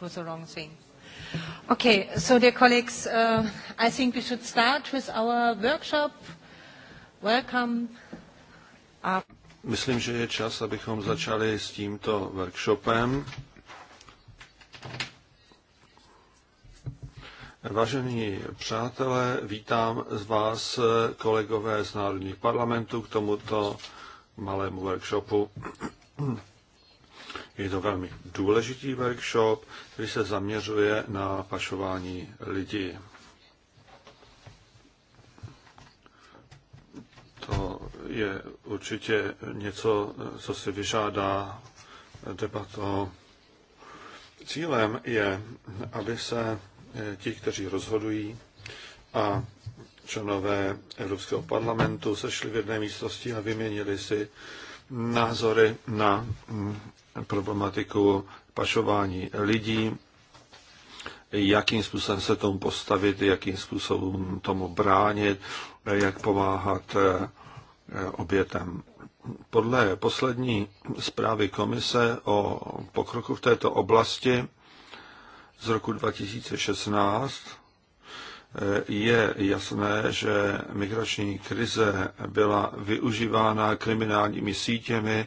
was the wrong thing. Okay, so dear colleagues, uh, I think we should start with our workshop. Welcome. Up. Uh, Myslím, že je čas, abychom začali s tímto workshopem. Vážení přátelé, vítám z vás kolegové z národních parlamentů k tomuto malému workshopu. Je to velmi důležitý workshop, který se zaměřuje na pašování lidí. To je určitě něco, co si vyžádá debato. Cílem je, aby se ti, kteří rozhodují a členové Evropského parlamentu sešli v jedné místnosti a vyměnili si názory na problematiku pašování lidí, jakým způsobem se tomu postavit, jakým způsobem tomu bránit, jak pomáhat eh, obětem. Podle poslední zprávy komise o pokroku v této oblasti z roku 2016 je jasné, že migrační krize byla využívána kriminálními sítěmi,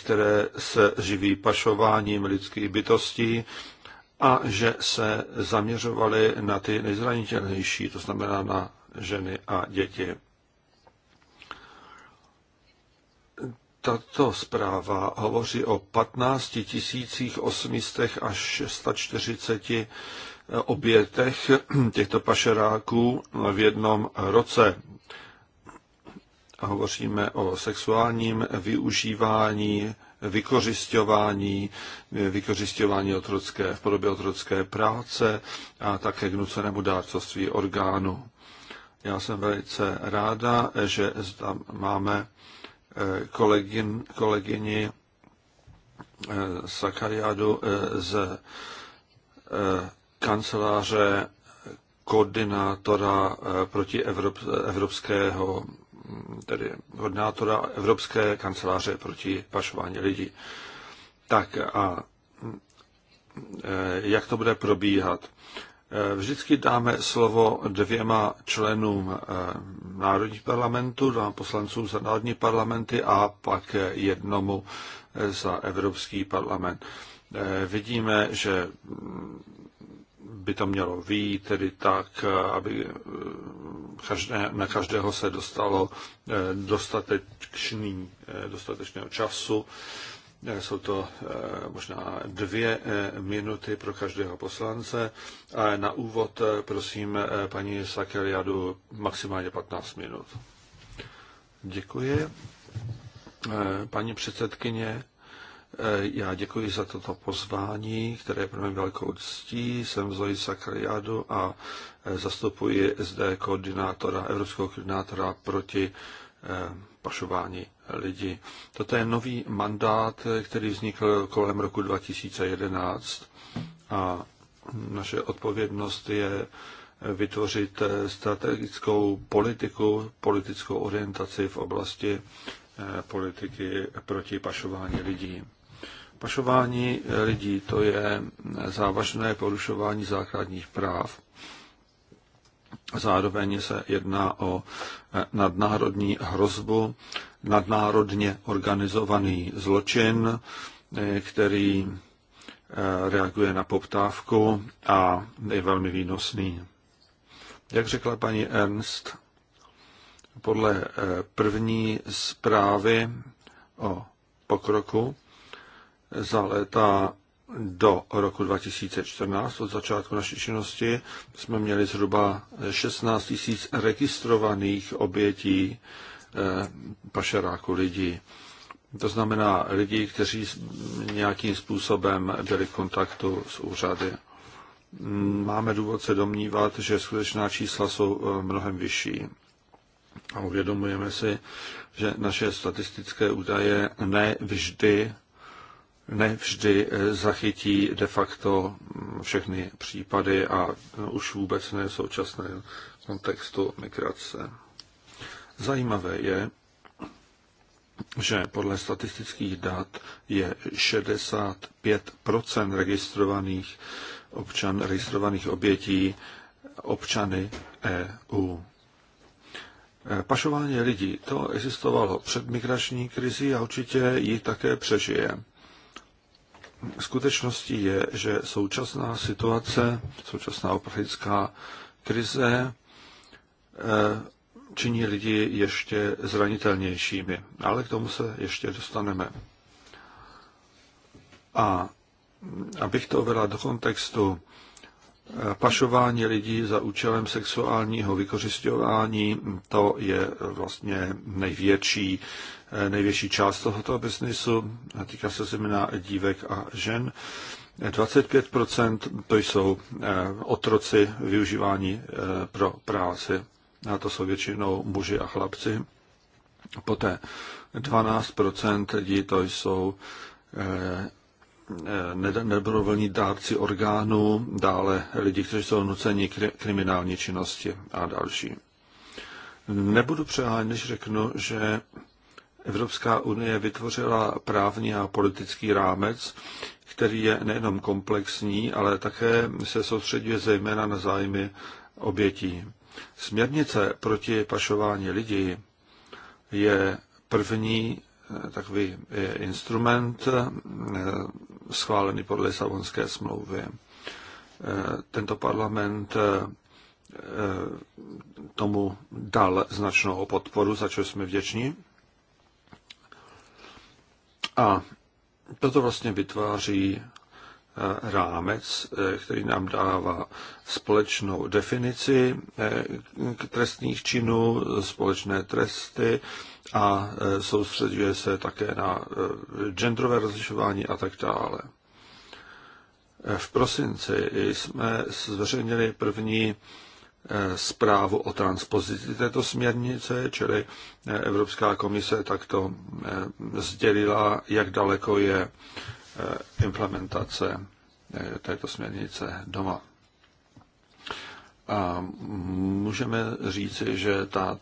které se živí pašováním lidských bytostí a že se zaměřovaly na ty nejzranitelnější, to znamená na ženy a děti. Tato zpráva hovoří o 15 800 až 640 obětech těchto pašeráků v jednom roce. Hovoříme o sexuálním využívání, vykořišťování, vykořišťování otrocké, v podobě otrocké práce a také k nucenému dárcovství orgánu. Já jsem velice ráda, že tam máme eh, kolegin, kolegyni eh, Sakariádu eh, z kanceláře koordinátora eh, proti Evrop, evropského, mm, tedy koordinátora Evropské kanceláře proti pašování lidí. Tak a mm, eh, jak to bude probíhat? Eh, vždycky dáme slovo dvěma členům Národních parlamentů, dvěma poslancům za Národní parlamenty a pak jednomu za Evropský parlament. Vidíme, že mm, by to mělo výjít tedy tak, aby eh, každé, na každého se dostalo eh, dostatečný, eh, dostatečného času. Jsou to možná dvě minuty pro každého poslance. A na úvod prosím paní Sakeliadu maximálně 15 minut. Děkuji. Paní předsedkyně, Eh, já děkuji za toto pozvání, které je pro mě velkou ctí. Jsem Zoji Sakriadu a eh, zastupuji SD koordinátora, evropského koordinátora proti eh, pašování lidí. Toto je nový mandát, který vznikl kolem roku 2011 a naše odpovědnost je vytvořit strategickou politiku, politickou orientaci v oblasti politiky proti pašování lidí. Pašování eh, lidí to je eh, závažné porušování základních práv. Zároveň se jedná o eh, nadnárodní hrozbu, nadnárodně organizovaný zločin, který reaguje na poptávku a je velmi výnosný. Jak řekla paní Ernst, podle první zprávy o pokroku za léta do roku 2014, od začátku naší činnosti, jsme měli zhruba 16 tisíc registrovaných obětí eh, pašeráku lidí. To znamená lidí, kteří nějakým způsobem byli v kontaktu s úřady. Máme důvod se domnívat, že skutečná čísla jsou eh, mnohem vyšší. A uvědomujeme si, že naše statistické údaje ne vždy nevždy eh, zachytí de facto všechny případy a eh, už vůbec ne v současném kontextu migrace. Zajímavé je, že podle statistických dat je 65 registrovaných občan, registrovaných obětí občany EU. Eh, pašování lidí, to existovalo před migrační krizi a určitě ji také přežije. Skutečností je, že současná situace, současná uprchlická krize eh, činí lidi ještě zranitelnějšími. Ale k tomu se ještě dostaneme. A abych to uvedla do kontextu, pašování lidí za účelem sexuálního vykořišťování, to je vlastně největší, největší část tohoto biznisu. Týká se zejména dívek a žen. 25% to jsou eh, otroci využívání eh, pro práci. A to jsou většinou muži a chlapci. Poté 12% lidí to jsou eh, nedobrovolní dárci orgánů, dále lidi, kteří jsou nuceni k kriminální činnosti a další. Nebudu přehánět, než řeknu, že Evropská unie vytvořila právní a politický rámec, který je nejenom komplexní, ale také se soustředuje zejména na zájmy obětí. Směrnice proti pašování lidí je první eh, takový eh, instrument eh, schváleny podle Lisabonské smlouvy. E, tento parlament e, e, tomu dal značnou podporu, za což jsme vděční. A toto vlastně vytváří rámec, který nám dává společnou definici trestných činů, společné tresty, a e, soustředuje se také na e, genderové rozlišování a tak dále. E, v prosinci jsme zveřejnili první zprávu o transpozici této směrnice, čili Evropská komise takto sdělila, jak daleko je implementace této směrnice doma. A můžeme říci, že ta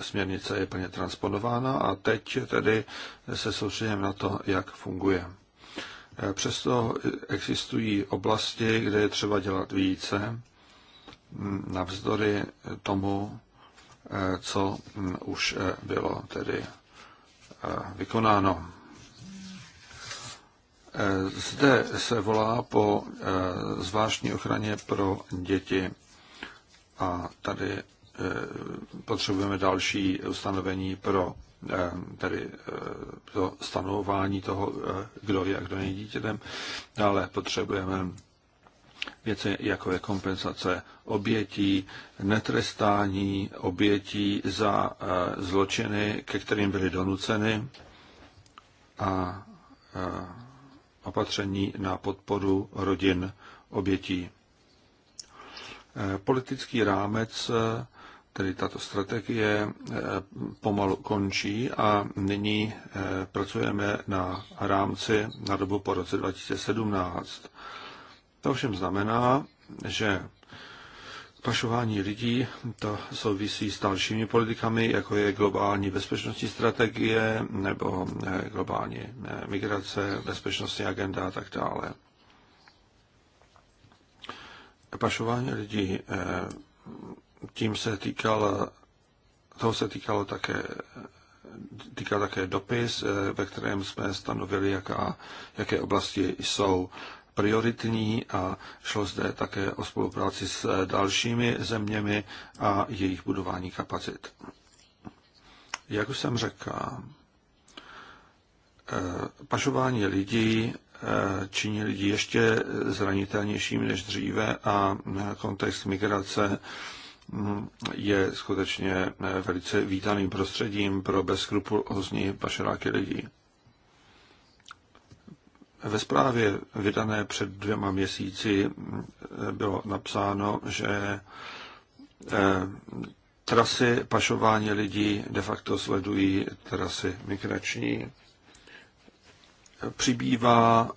směrnice je plně transponována a teď tedy se soustředíme na to, jak funguje. Přesto existují oblasti, kde je třeba dělat více, navzdory tomu, co už bylo tedy eh, vykonáno. Eh, zde se volá po eh, zvláštní ochraně pro děti a tady potřebujeme další ustanovení pro eh, tedy eh, to stanovování toho, eh, kdo je a kdo není dítětem, ale potřebujeme věci, jako je kompenzace obětí, netrestání obětí za zločiny, ke kterým byly donuceny a opatření na podporu rodin obětí. Politický rámec tedy tato strategie eh, pomalu končí a nyní eh, pracujeme na rámci na dobu po roce 2017. To ovšem znamená, že pašování lidí to souvisí s dalšími politikami, jako je globální bezpečnostní strategie nebo eh, globální migrace, bezpečnostní agenda a tak dále. Pašování lidí tím se týkal, toho se týkalo také týkal také dopis, eh, ve kterém jsme stanovili, jaká, jaké oblasti jsou prioritní a šlo zde také o spolupráci s eh, dalšími zeměmi a jejich budování kapacit. Jak už jsem řekl, eh, pašování lidí činí lidi ještě zranitelnějšími než dříve a kontext migrace je skutečně eh, velice vítaným prostředím pro bezkrupulózní pašeráky lidí. Ve zprávě vydané před dvěma měsíci eh, bylo napsáno, že eh, trasy pašování lidí de facto sledují trasy migrační. Přibývá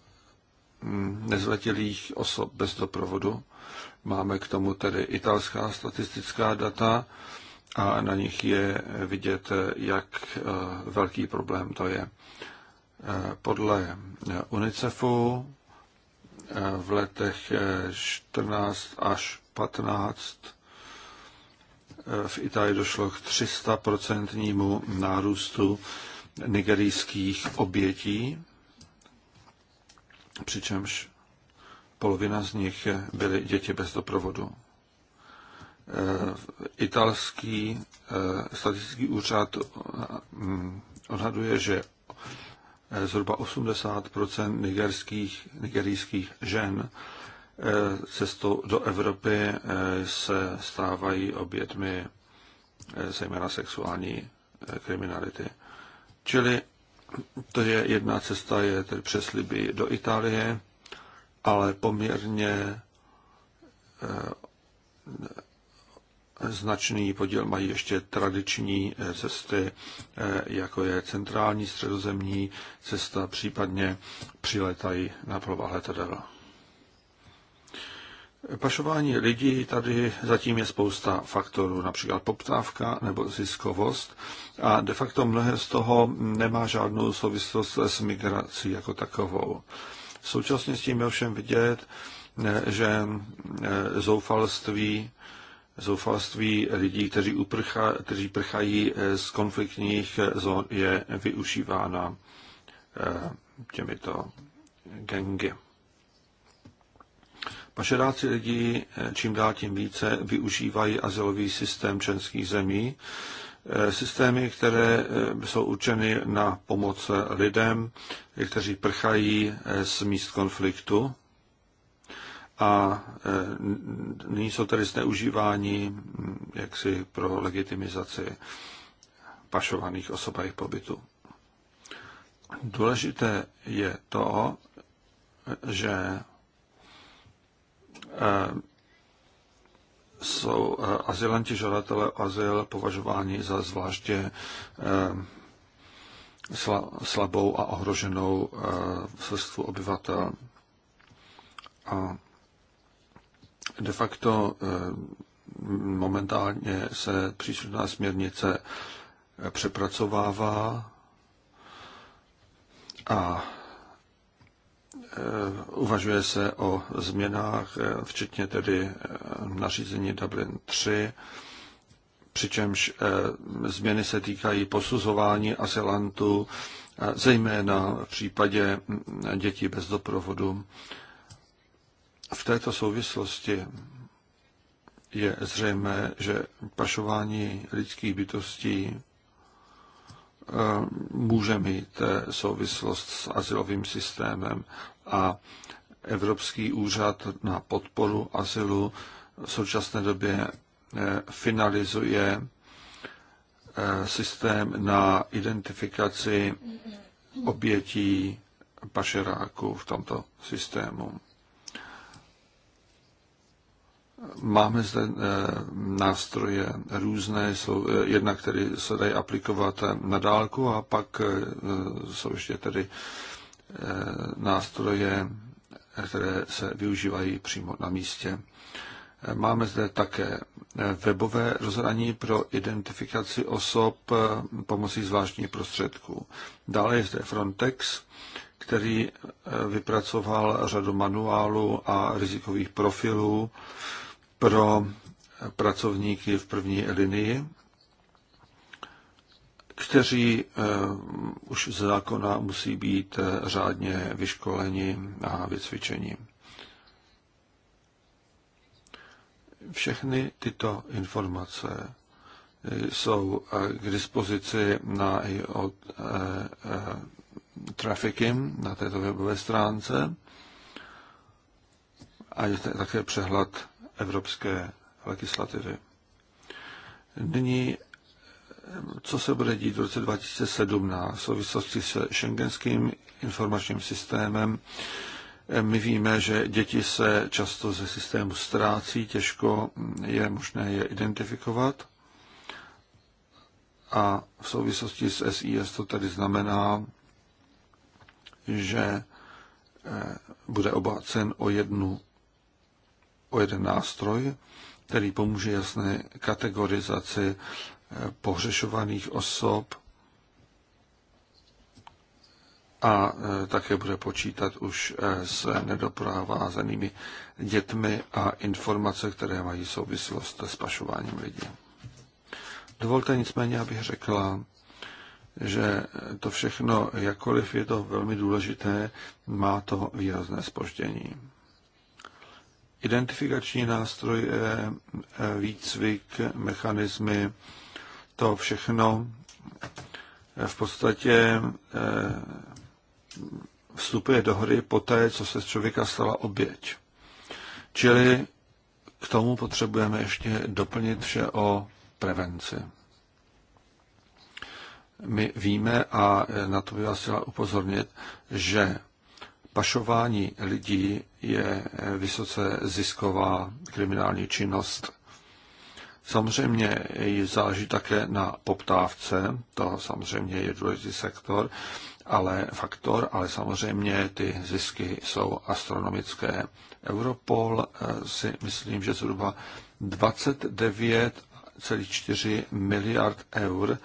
mm, nezletilých osob bez doprovodu Máme k tomu tedy italská statistická data a na nich je vidět, jak eh, velký problém to je. Eh, podle eh, UNICEFu v letech 14 až 15 v Itálii došlo k 300% nárůstu nigerijských obětí, přičemž Polovina z nich byly děti bez doprovodu. Eh, italský eh, statistický úřad eh, odhaduje, že zhruba 80 nigerských, nigerijských žen cestou do Evropy se stávají obětmi zejména sexuální kriminality. Čili to je jedna cesta, je tedy přes Libii do Itálie ale poměrně eh, značný podíl mají ještě tradiční eh, cesty, eh, jako je centrální středozemní cesta, případně přiletají na provahle letadla. Pašování lidí tady zatím je spousta faktorů, například poptávka nebo ziskovost a de facto mnohé z toho nemá žádnou souvislost s migrací jako takovou. Současně s tím je ovšem vidět, eh, že eh, zoufalství, zoufalství lidí, kteří, uprcha, kteří prchají eh, z konfliktních zón, je využívána těmito gengy. Pašeráci lidí čím dál tím více využívají azylový systém členských zemí, Eh, systémy, které eh, jsou určeny na pomoc lidem, kteří prchají eh, z míst konfliktu a nyní jsou tedy zneužívání mm, jaksi pro legitimizaci pašovaných osob a jejich pobytu. Důležité je to, že jsou eh, azylanti žadatele o azyl považováni za zvláště eh, slabou a ohroženou eh, vrstvu obyvatel. A de facto momentálně se příslušná směrnice přepracovává a Eh, uvažuje se o změnách, eh, včetně tedy eh, nařízení Dublin 3, přičemž změny se týkají posuzování asilantů, zejména v případě mm, dětí bez doprovodu. V této souvislosti je zřejmé, že pašování lidských bytostí Eh, může mít eh, souvislost s asilovým systémem a Evropský úřad na podporu asilu v současné době eh, finalizuje systém na identifikaci obětí pašeráků v tomto systému. Máme zde eh, nástroje různé, jsou eh, jedna, které se dají aplikovat eh, na dálku a pak jsou ještě tedy nástroje, které se využívají přímo na místě. Máme zde také webové rozhraní pro identifikaci osob pomocí zvláštních prostředků. Dále je zde Frontex, který vypracoval řadu manuálů a rizikových profilů, pro pracovníky v první linii, kteří eh, už ze zákona musí být eh, řádně vyškoleni a vycvičeni. Všechny tyto informace eh, jsou k dispozici na i od Trafficking na této webové stránce a je také přehled evropské legislativy. Nyní, co se bude dít v roce 2017 v souvislosti se šengenským informačním systémem, my víme, že děti se často ze systému ztrácí, těžko je možné je identifikovat. A v souvislosti s SIS to tedy znamená, že eh, bude obácen o jednu o jeden nástroj, který pomůže jasné kategorizaci eh, pohřešovaných osob a eh, také bude počítat už eh, s nedoprovázenými dětmi a informace, které mají souvislost s pašováním lidí. Dovolte nicméně, abych řekla, že to všechno, jakkoliv je to velmi důležité, má to výrazné spoždění. Identifikační nástroje, eh, eh, výcvik, mechanismy, to všechno eh, v podstatě vstupuje do hry poté, co se z člověka stala oběť. Čili k tomu potřebujeme ještě doplnit vše o prevenci. My víme, a na to bych vás chtěla upozornit, že pašování lidí je vysoce zisková kriminální činnost. Samozřejmě záleží také na poptávce, to samozřejmě je důležitý sektor, ale faktor, ale samozřejmě ty zisky jsou astronomické. Europol eh, si myslím, že zhruba 29,4 miliard eur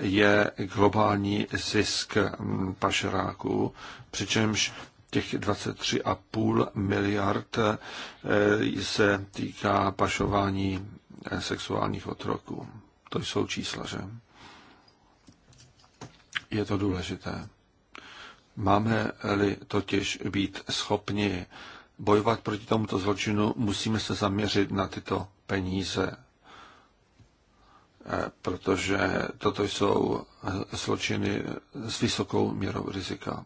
je globální zisk mm, pašeráků, přičemž těch 23,5 miliard eh, se týká pašování eh, sexuálních otroků. To jsou čísla, že? Je to důležité. Máme-li totiž být schopni bojovat proti tomuto zločinu, musíme se zaměřit na tyto peníze Eh, protože toto jsou eh, zločiny s vysokou mírou rizika.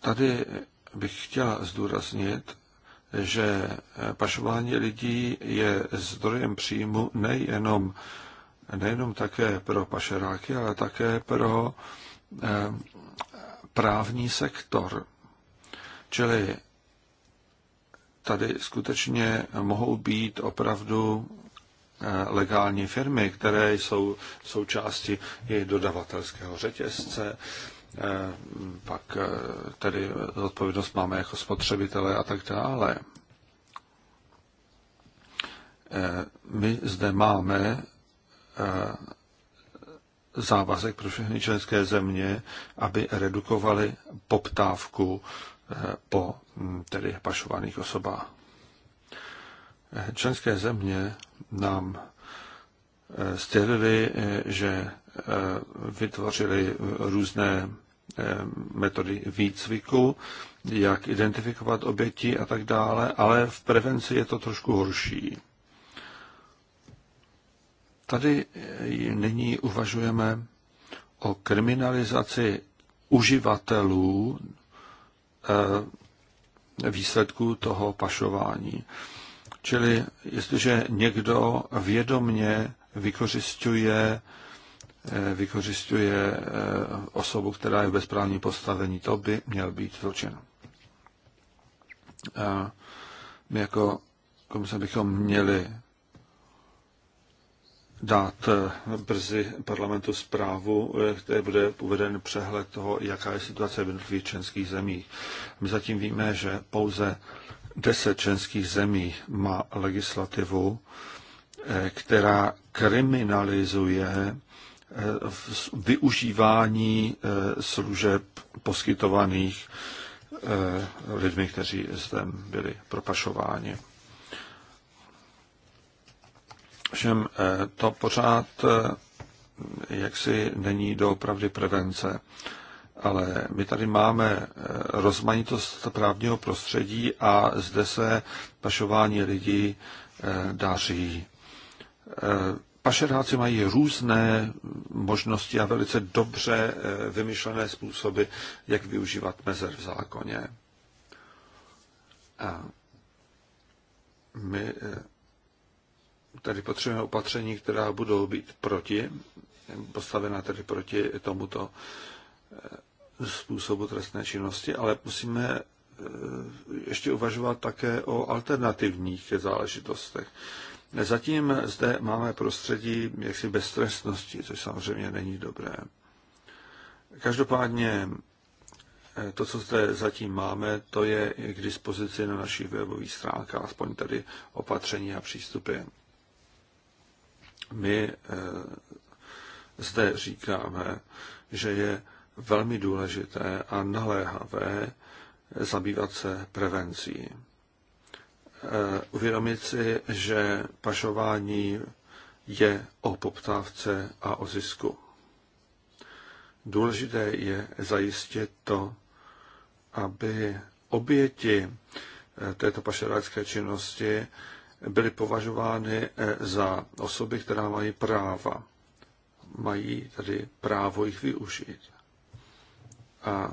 Tady bych chtěla zdůraznit, že eh, pašování lidí je zdrojem příjmu nejenom, nejenom také pro pašeráky, ale také pro právní sektor. Čili tady skutečně mohou být opravdu eh, legální firmy, které jsou součástí jejich dodavatelského řetězce. Eh, pak eh, tedy odpovědnost máme jako spotřebitelé a tak dále. My zde máme závazek pro všechny členské země, aby redukovali poptávku Eh, po hm, tedy pašovaných osobách. Eh, členské země nám eh, stělili, že vytvořili různé metody výcviku, jak identifikovat oběti a tak dále, ale v prevenci je to trošku horší. Tady nyní uvažujeme o kriminalizaci uživatelů Eh, výsledků toho pašování. Čili jestliže někdo vědomně vykořišťuje eh, vykořišťuje eh, osobu, která je v bezprávním postavení, to by měl být zločin. My jako komise bychom měli dát eh, brzy parlamentu zprávu, eh, které bude uveden přehled toho, jaká je situace v jednotlivých členských zemích. My zatím víme, že pouze 10 členských zemí má legislativu, eh, která kriminalizuje využívání služeb poskytovaných lidmi, kteří zde byli propašováni. Všem eh, to pořád eh, jaksi není doopravdy prevence. Ale my tady máme eh, rozmanitost právního prostředí a zde se pašování lidí daří. Pašeráci mají různé možnosti a velice dobře vymyšlené způsoby, jak využívat mezer v zákoně. A my Tady potřebujeme opatření, která budou být proti, postavená tedy proti tomuto eh, způsobu trestné činnosti, ale musíme eh, ještě uvažovat také o alternativních záležitostech. Zatím zde máme prostředí jaksi beztrestnosti, což samozřejmě není dobré. Každopádně eh, to, co zde zatím máme, to je k dispozici na našich webových stránkách, aspoň tady opatření a přístupy. My eh, zde říkáme, že je velmi důležité a naléhavé zabývat se prevencí. Eh, uvědomit si, že pašování je o poptávce a o zisku. Důležité je zajistit to, aby oběti eh, této pašerácké činnosti byly považovány eh, za osoby, která mají práva. Mají tedy právo jich využít. A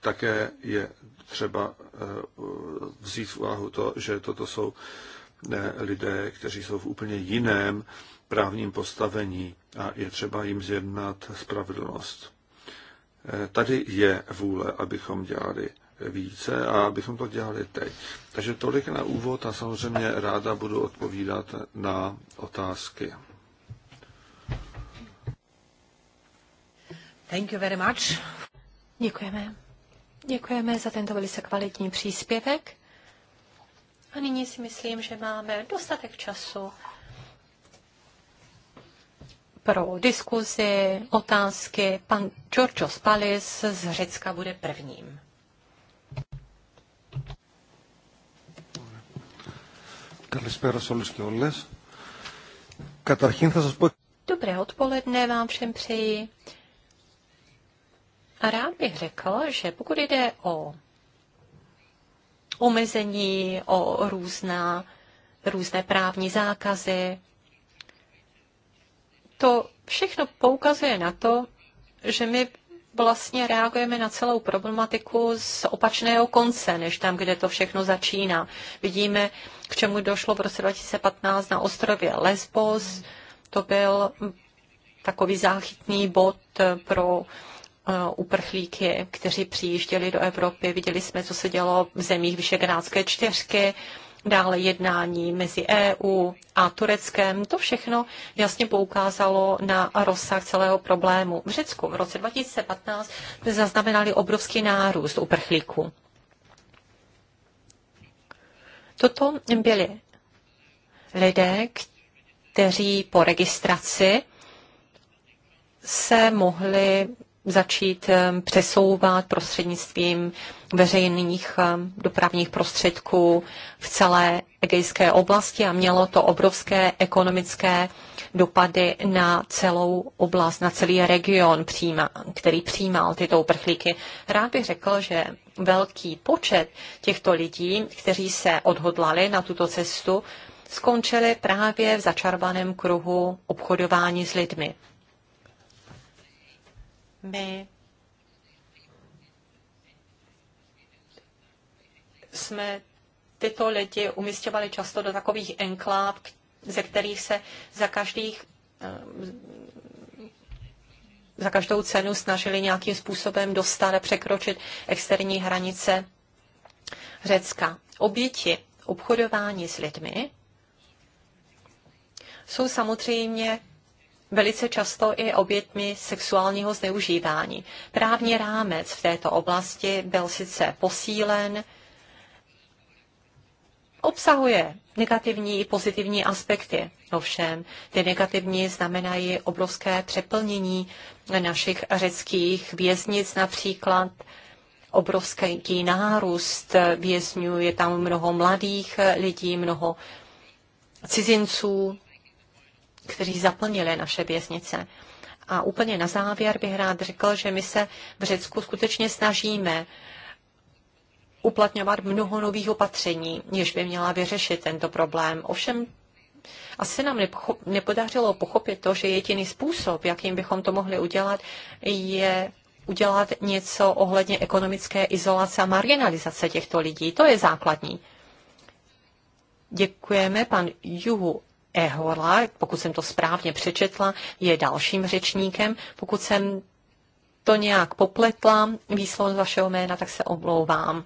také je třeba eh, vzít v úvahu to, že toto jsou eh, lidé, kteří jsou v úplně jiném právním postavení a je třeba jim zjednat spravedlnost. Tady je vůle, abychom dělali více a abychom to dělali teď. Takže tolik na úvod a samozřejmě ráda budu odpovídat na otázky. Thank you very much. Děkujeme. Děkujeme za tento velice kvalitní příspěvek. A nyní si myslím, že máme dostatek času pro diskuzi, otázky. Pan Giorgio Palis z Řecka bude prvním. Καλησπέρα σε όλους και όλες. Καταρχήν θα σας πω... Dobré odpoledne vám všem přeji. A rád bych řekl, že pokud jde o omezení, o různá, různé právní zákazy, to všechno poukazuje na to, že my vlastně reagujeme na celou problematiku z opačného konce, než tam, kde to všechno začíná. Vidíme, k čemu došlo v roce 2015 na ostrově Lesbos. To byl takový záchytný bod pro eh, uprchlíky, kteří přijížděli do Evropy. Viděli jsme, co se dělo v zemích Vyšegrádské čtyřky, dále jednání mezi EU a Tureckem. To všechno jasně poukázalo na rozsah celého problému. V Řecku v roce 2015 zaznamenali obrovský nárůst uprchlíků. Toto byli lidé, kteří po registraci se mohli začít ehm, přesouvat prostřednictvím veřejných ehm, dopravních prostředků v celé egejské oblasti a mělo to obrovské ekonomické dopady na celou oblast, na celý region, přijíma, který přijímal tyto uprchlíky. Rád bych řekl, že velký počet těchto lidí, kteří se odhodlali na tuto cestu, skončili právě v začarbaném kruhu obchodování s lidmi. My jsme tyto lidi umistěvali často do takových enkláv, ze kterých se za každých eh, za každou cenu snažili nějakým způsobem dostat a překročit externí hranice Řecka. Oběti obchodování s lidmi jsou samozřejmě velice často i obětmi sexuálního zneužívání. Právní rámec v této oblasti byl sice posílen, obsahuje negativní i pozitivní aspekty. Ovšem, ty negativní znamenají obrovské přeplnění našich řeckých věznic například, obrovský nárůst vězňů, je tam mnoho mladých lidí, mnoho cizinců, kteří zaplnili naše věznice. A úplně na závěr bych rád řekl, že my se v Řecku skutečně snažíme uplatňovat mnoho nových opatření, jež by měla vyřešit tento problém. Ovšem asi nám nepodařilo pochopit to, že jediný způsob, jakým bychom to mohli udělat, je udělat něco ohledně ekonomické izolace a marginalizace těchto lidí. To je základní. Děkujeme pan Juhu Ehola, pokud jsem to správně přečetla, je dalším řečníkem. Pokud jsem to nějak popletla, výslov vašeho jména, tak se omlouvám.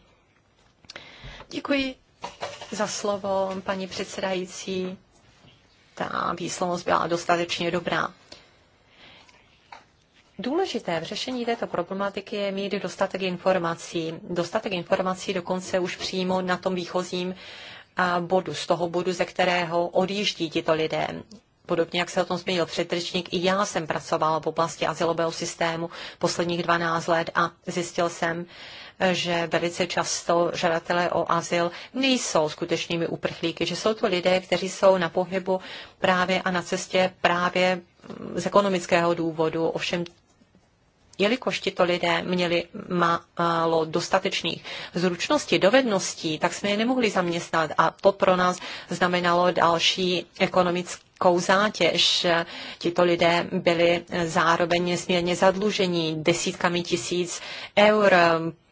Děkuji za slovo, paní předsedající. Ta výslovnost byla dostatečně dobrá. Důležité v řešení této problematiky je mít dostatek informací. Dostatek informací dokonce už přímo na tom výchozím bodu, z toho bodu, ze kterého odjíždí tito lidé. Podobně, jak se o tom zmínil předřečník, i já jsem pracovala v oblasti asilového systému posledních 12 let a zjistil jsem, že velice často žadatelé o azyl nejsou skutečnými uprchlíky, že jsou to lidé, kteří jsou na pohybu právě a na cestě právě z ekonomického důvodu. Ovšem jelikož tito lidé měli málo dostatečných zručností, dovedností, tak jsme je nemohli zaměstnat a to pro nás znamenalo další ekonomickou zátěž. Tito lidé byli zároveň nesmírně zadlužení desítkami tisíc eur,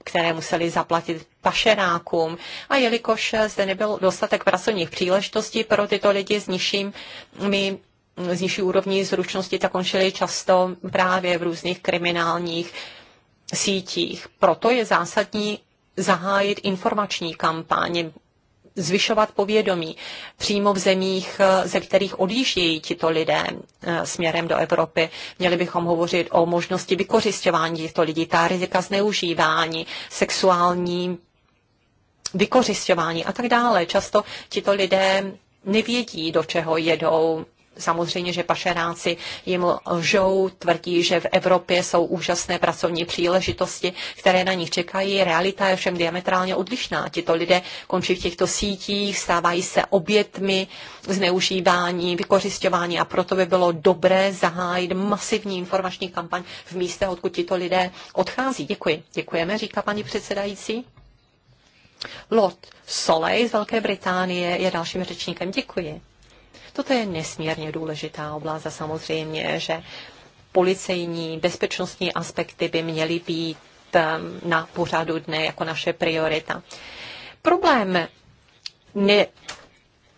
které museli zaplatit pašerákům. A jelikož zde nebyl dostatek pracovních příležitostí pro tyto lidi s nižšími z nižší úrovní zručnosti, tak končili často právě v různých kriminálních sítích. Proto je zásadní zahájit informační kampaně, zvyšovat povědomí přímo v zemích, ze kterých odjíždějí tito lidé eh, směrem do Evropy. Měli bychom hovořit o možnosti vykořišťování těchto lidí, ta rizika zneužívání, sexuální vykořišťování a tak dále. Často tito lidé nevědí, do čeho jedou, Samozřejmě, že pašeráci jim lžou, tvrdí, že v Evropě jsou úžasné pracovní příležitosti, které na nich čekají. Realita je všem diametrálně odlišná. Tito lidé končí v těchto sítích, stávají se obětmi zneužívání, vykořišťování a proto by bylo dobré zahájit masivní informační kampaň v místě, odkud tito lidé odchází. Děkuji. Děkujeme, říká paní předsedající. Lord Soleil z Velké Británie je dalším řečníkem. Děkuji. Toto je nesmírně důležitá oblast a samozřejmě, že policejní, bezpečnostní aspekty by měly být ehm, na pořadu dne jako naše priorita. Problém ne,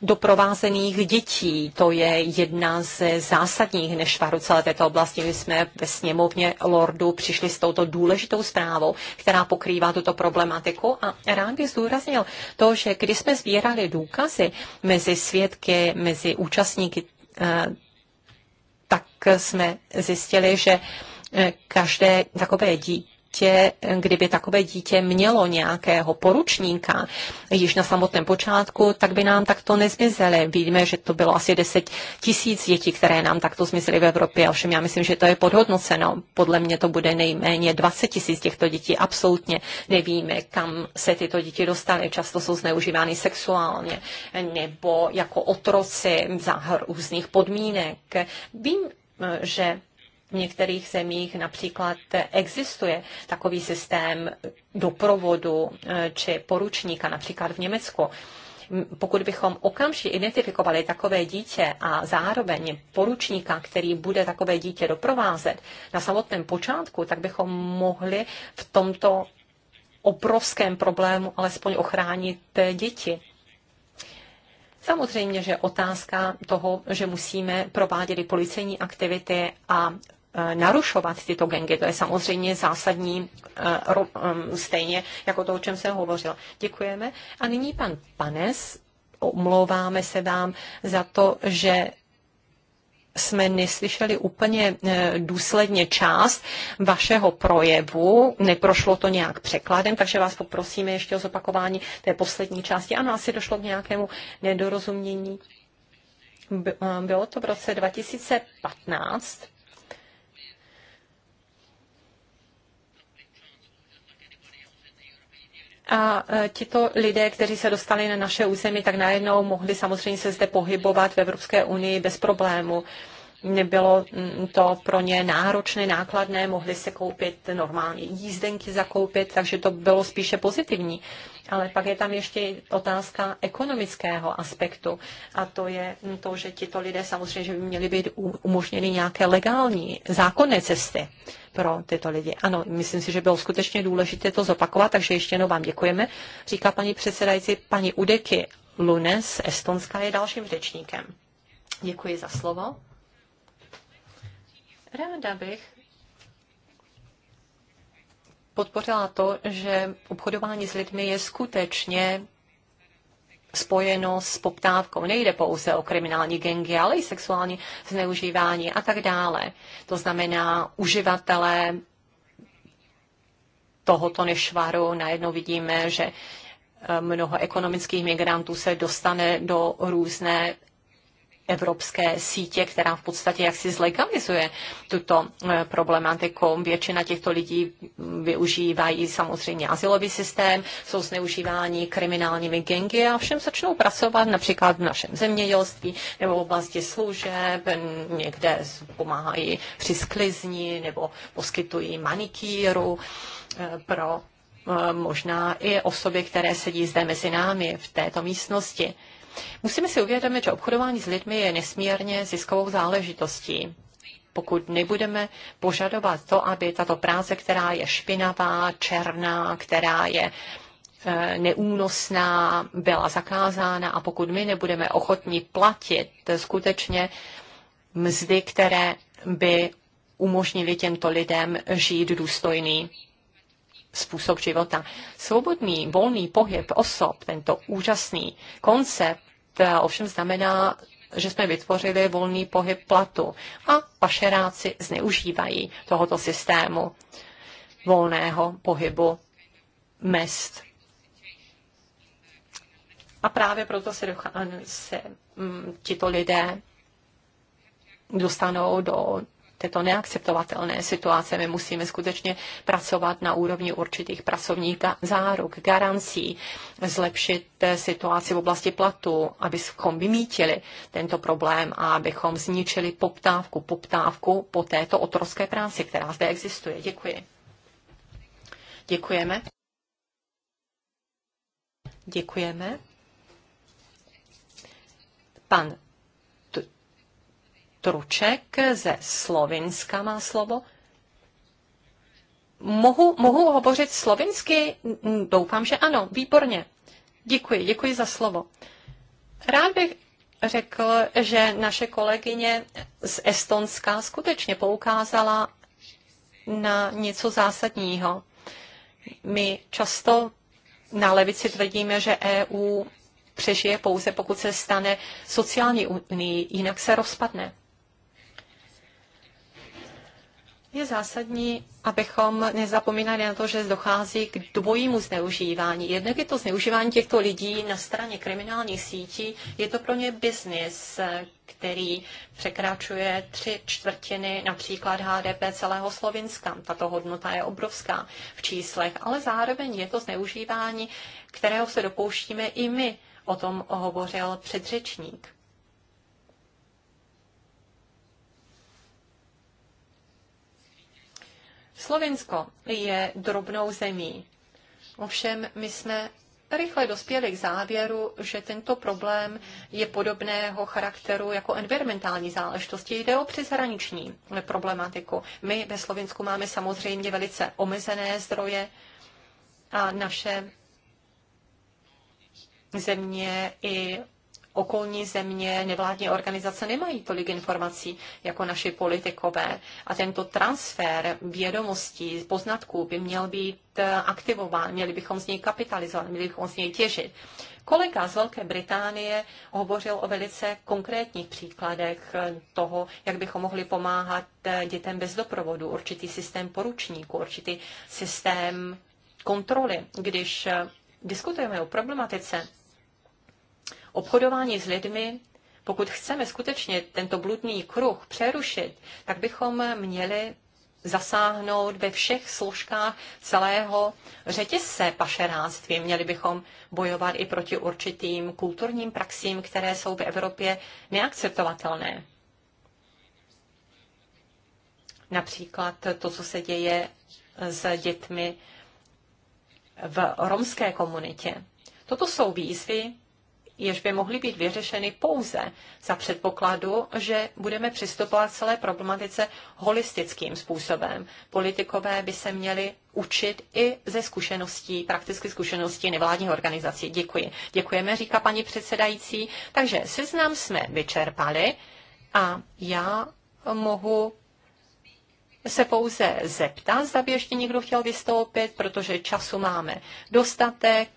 doprovázených dětí. To je jedna ze zásadních nešvarů celé této oblasti. My jsme ve sněmovně Lordu přišli s touto důležitou zprávou, která pokrývá tuto problematiku a rád bych zdůraznil to, že když jsme sbírali důkazy mezi svědky, mezi účastníky, eh, tak jsme zjistili, že eh, každé takové dítě dítě, kdyby takové dítě mělo nějakého poručníka již na samotném počátku, tak by nám takto nezmizely. Víme, že to bylo asi 10 tisíc dětí, které nám takto zmizely v Evropě, ovšem já myslím, že to je podhodnoceno. Podle mě to bude nejméně 20 tisíc těchto dětí. Absolutně nevíme, kam se tyto děti dostaly. Často jsou zneužívány sexuálně nebo jako otroci za různých podmínek. Vím, že v některých zemích například existuje takový systém doprovodu eh, či poručníka, například v Německu. Pokud bychom okamžitě identifikovali takové dítě a zároveň poručníka, který bude takové dítě doprovázet na samotném počátku, tak bychom mohli v tomto obrovském problému alespoň ochránit eh, děti. Samozřejmě, že otázka toho, že musíme provádět i policejní aktivity a Eh, narušovat tyto gengy. To je samozřejmě zásadní, eh, eh, stejně jako to, o čem jsem hovořil. Děkujeme. A nyní pan Panes, omlouváme se vám za to, že jsme neslyšeli úplně důsledně část vašeho projevu, neprošlo to nějak překladem, takže vás poprosíme ještě o zopakování té poslední části. Ano, asi došlo k nějakému nedorozumění. Bylo to v roce 2015, A e, tito lidé, kteří se dostali na naše území, tak najednou mohli samozřejmě se zde pohybovat v Evropské unii bez problému nebylo to pro ně náročné, nákladné, mohli se koupit normálně jízdenky zakoupit, takže to bylo spíše pozitivní. Ale pak je tam ještě otázka ekonomického aspektu a to je to, že tito lidé samozřejmě že by měli být umožněny nějaké legální, zákonné cesty pro tyto lidi. Ano, myslím si, že bylo skutečně důležité to zopakovat, takže ještě jednou vám děkujeme. Říká paní předsedající, paní Udeky Lunes, Estonská je dalším řečníkem. Děkuji za slovo. Ráda bych podpořila to, že obchodování s lidmi je skutečně spojeno s poptávkou. Nejde pouze o kriminální gengy, ale i sexuální zneužívání a tak dále. To znamená, uživatelé tohoto nešvaru najednou vidíme, že eh, mnoho ekonomických migrantů se dostane do různé evropské sítě, která v podstatě jaksi zlegalizuje tuto eh, problematiku. Většina těchto lidí využívají samozřejmě asilový systém, jsou zneužíváni kriminálními gengy a všem začnou pracovat například v našem zemědělství nebo v oblasti služeb, někde pomáhají při sklizni nebo poskytují manikíru eh, pro eh, možná i osoby, které sedí zde mezi námi v této místnosti. Musíme si uvědomit, že obchodování s lidmi je nesmírně ziskovou záležitostí pokud nebudeme požadovat to, aby tato práce, která je špinavá, černá, která je e, neúnosná, byla zakázána a pokud my nebudeme ochotní platit skutečně mzdy, které by umožnili těmto lidem žít důstojný způsob života. Svobodný, volný pohyb osob, tento úžasný koncept, to ovšem znamená, že jsme vytvořili volný pohyb platu a pašeráci zneužívají tohoto systému volného pohybu mest. A právě proto se, se mm, tito lidé dostanou do této neakceptovatelné situace. My musíme skutečně pracovat na úrovni určitých pracovních záruk, garancí, zlepšit eh, situaci v oblasti platu, abychom vymítili tento problém a abychom zničili poptávku, poptávku po této otrovské práci, která zde existuje. Děkuji. Děkujeme. Děkujeme. Pan Truček ze Slovinska má slovo. Mohu, mohu hovořit slovinsky? Doufám, že ano. Výborně. Děkuji, děkuji za slovo. Rád bych řekl, že naše kolegyně z Estonska skutečně poukázala na něco zásadního. My často na levici tvrdíme, že EU přežije pouze, pokud se stane sociální unii, jinak se rozpadne. Je zásadní, abychom nezapomínali na to, že dochází k dvojímu zneužívání. Jednak je to zneužívání těchto lidí na straně kriminálních sítí. Je to pro ně biznis, který překračuje tři čtvrtiny například HDP celého Slovinska. Tato hodnota je obrovská v číslech, ale zároveň je to zneužívání, kterého se dopouštíme i my. O tom hovořil předřečník. Slovinsko je drobnou zemí. Ovšem, my jsme rychle dospěli k závěru, že tento problém je podobného charakteru jako environmentální záležitosti. Jde o přeshraniční problematiku. My ve Slovensku máme samozřejmě velice omezené zdroje a naše země i okolní země, nevládní organizace nemají tolik informací jako naši politikové. A tento transfer vědomostí, poznatků by měl být eh, aktivován, měli bychom z něj kapitalizovat, měli bychom z něj těžit. Kolega z Velké Británie hovořil o velice konkrétních příkladech eh, toho, jak bychom mohli pomáhat eh, dětem bez doprovodu, určitý systém poručníků, určitý systém kontroly. Když diskutujeme o problematice obchodování s lidmi, pokud chceme skutečně tento bludný kruh přerušit, tak bychom měli zasáhnout ve všech složkách celého řetězce pašeráctví. Měli bychom bojovat i proti určitým kulturním praxím, které jsou v Evropě neakceptovatelné. Například to, co se děje s dětmi v romské komunitě. Toto jsou výzvy, jež by mohly být vyřešeny pouze za předpokladu, že budeme přistupovat celé problematice holistickým způsobem. Politikové by se měli učit i ze zkušeností, prakticky zkušeností nevládních organizací. Děkuji. Děkujeme, říká paní předsedající. Takže seznam jsme vyčerpali a já mohu se pouze zeptá, zda by ještě někdo chtěl vystoupit, protože času máme dostatek.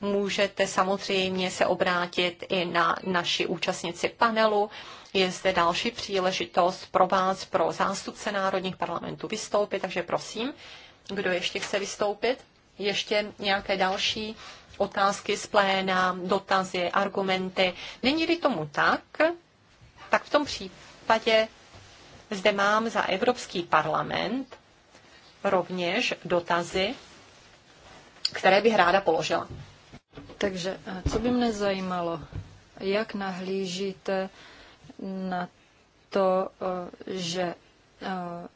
Můžete samozřejmě se obrátit i na naši účastnici panelu. Je zde další příležitost pro vás, pro zástupce národních parlamentů vystoupit, takže prosím, kdo ještě chce vystoupit? Ještě nějaké další otázky z pléna, dotazy, argumenty. Není-li tomu tak, tak v tom případě zde mám za Evropský parlament rovněž dotazy, které bych ráda položila. Takže co by mne zajímalo, jak nahlížíte na to, že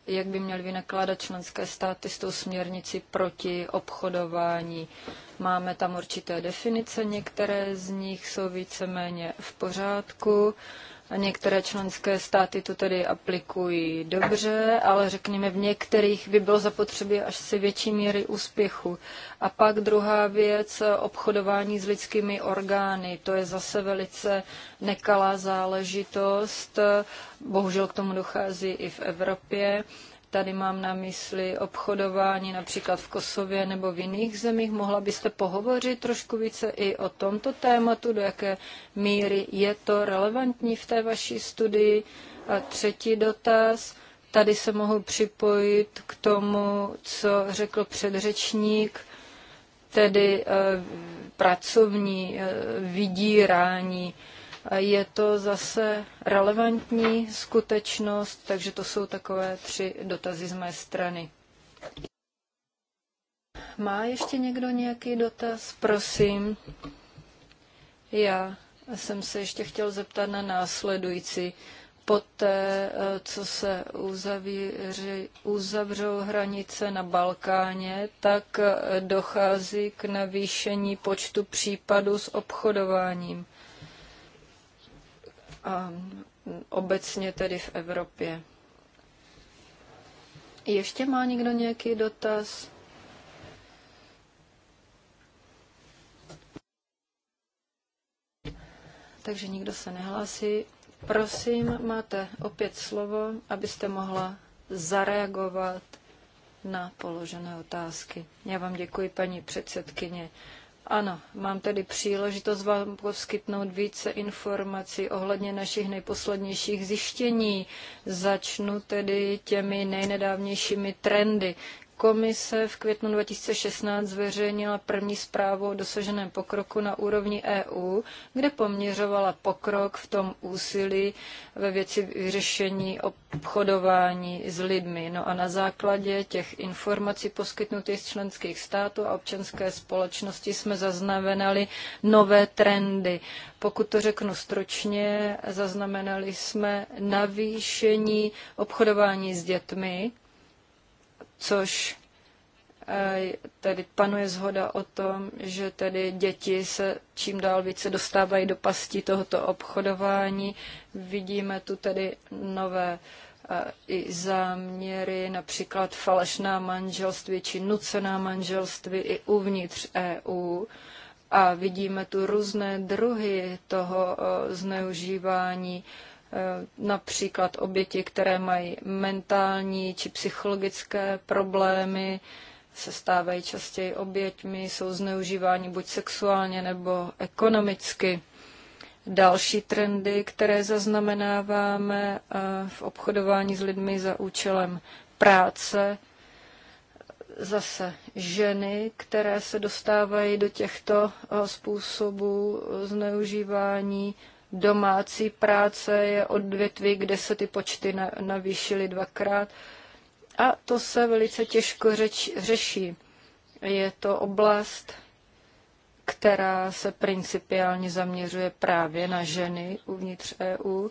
jak by měly vynakládat členské státy s tou směrnici proti obchodování. Máme tam určité definice, některé z nich jsou víceméně v pořádku. Některé členské státy to tedy aplikují dobře, ale řekněme, v některých by bylo zapotřebí až si větší míry úspěchu. A pak druhá věc, obchodování s lidskými orgány. To je zase velice nekalá záležitost. Bohužel k tomu dochází i v Evropě. Tady mám na mysli obchodování například v Kosově nebo v jiných zemích. Mohla byste pohovořit trošku více i o tomto tématu, do jaké míry je to relevantní v té vaší studii? A třetí dotaz. Tady se mohu připojit k tomu, co řekl předřečník, tedy eh, pracovní eh, vydírání je to zase relevantní skutečnost, takže to jsou takové tři dotazy z mé strany. Má ještě někdo nějaký dotaz? Prosím. Já jsem se ještě chtěl zeptat na následující. Poté, eh, co se uzavíři, uzavřou hranice na Balkáně, tak eh, dochází k navýšení počtu případů s obchodováním a mm, obecně tedy v Evropě. Ještě má někdo nějaký dotaz? Takže nikdo se nehlásí. Prosím, máte opět slovo, abyste mohla zareagovat na položené otázky. Já vám děkuji, paní předsedkyně. Ano, mám tedy příležitost vám poskytnout více informací ohledně našich nejposlednějších zjištění. Začnu tedy těmi nejnedávnějšími trendy, Komise v květnu 2016 zveřejnila první zprávu o dosaženém pokroku na úrovni EU, kde poměřovala pokrok v tom úsilí ve věci vyřešení obchodování s lidmi. No a na základě těch informací poskytnutých z členských států a občanské společnosti jsme zaznamenali nové trendy. Pokud to řeknu stručně, zaznamenali jsme navýšení obchodování s dětmi, což eh, tedy panuje zhoda o tom, že tedy děti se čím dál více dostávají do pasti tohoto obchodování. Vidíme tu tedy nové eh, i záměry, například falešná manželství či nucená manželství i uvnitř EU. A vidíme tu různé druhy toho eh, zneužívání Eh, například oběti, které mají mentální či psychologické problémy, se stávají častěji oběťmi, jsou zneužíváni buď sexuálně nebo ekonomicky. Další trendy, které zaznamenáváme eh, v obchodování s lidmi za účelem práce, zase ženy, které se dostávají do těchto eh, způsobů zneužívání, Domácí práce je odvětví, kde se ty počty navýšily dvakrát a to se velice těžko řeč, řeší. Je to oblast, která se principiálně zaměřuje právě na ženy uvnitř EU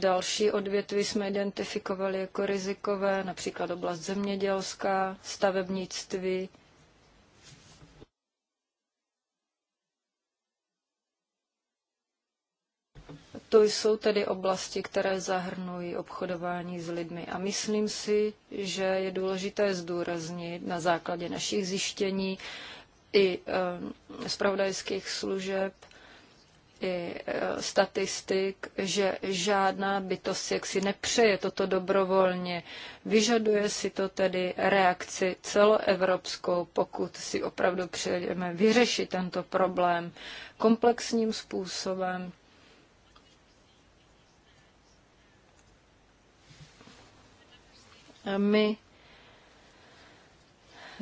Další odvětví jsme identifikovali jako rizikové, například oblast zemědělská, stavebnictví, To jsou tedy oblasti, které zahrnují obchodování s lidmi. A myslím si, že je důležité zdůraznit na základě našich zjištění i eh, zpravodajských služeb, i e, statistik, že žádná bytost jaksi nepřeje toto dobrovolně. Vyžaduje si to tedy reakci celoevropskou, pokud si opravdu přejeme vyřešit tento problém komplexním způsobem. My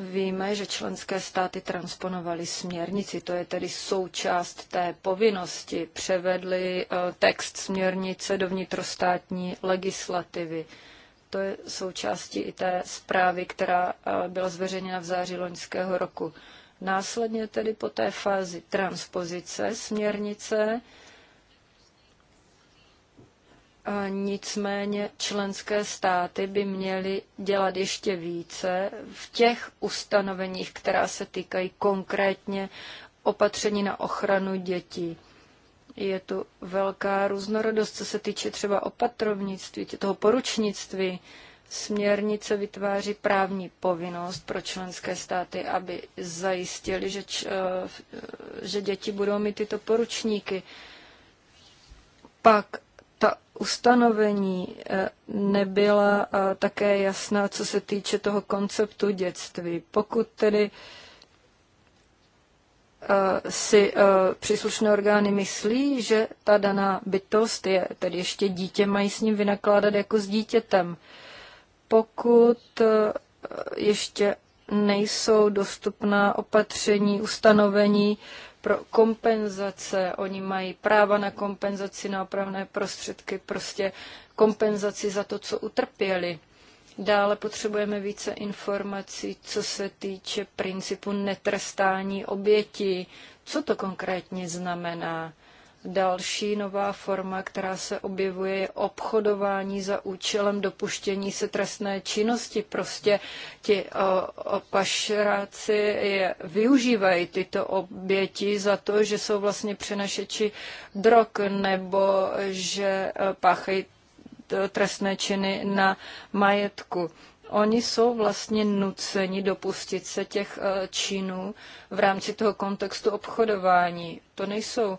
Víme, že členské státy transponovaly směrnici, to je tedy součást té povinnosti, převedly eh, text směrnice do vnitrostátní legislativy. To je součástí i té zprávy, která eh, byla zveřejněna v září loňského roku. Následně tedy po té fázi transpozice směrnice Nicméně členské státy by měly dělat ještě více v těch ustanoveních, která se týkají konkrétně opatření na ochranu dětí. Je tu velká různorodost, co se týče třeba opatrovnictví, toho poručnictví. Směrnice vytváří právní povinnost pro členské státy, aby zajistili, že, č, eh, eh, že děti budou mít tyto poručníky. Pak ta ustanovení eh, nebyla eh, také jasná, co se týče toho konceptu dětství. Pokud tedy eh, si příslušné orgány myslí, že ta daná bytost je tedy ještě dítě, mají s ním vynakládat jako s dítětem. Pokud ještě nejsou dostupná opatření, ustanovení, pro kompenzace. Oni mají práva na kompenzaci, na opravné prostředky, prostě kompenzaci za to, co utrpěli. Dále potřebujeme více informací, co se týče principu netrestání obětí. Co to konkrétně znamená? Další nová forma, která se objevuje, je obchodování za účelem dopuštění se trestné činnosti. Prostě ti eh, pašráci je využívají tyto oběti za to, že jsou vlastně přenašeči drog nebo že eh, páchají eh, trestné činy na majetku. Oni jsou vlastně nuceni dopustit se těch činů v rámci toho kontextu obchodování. To nejsou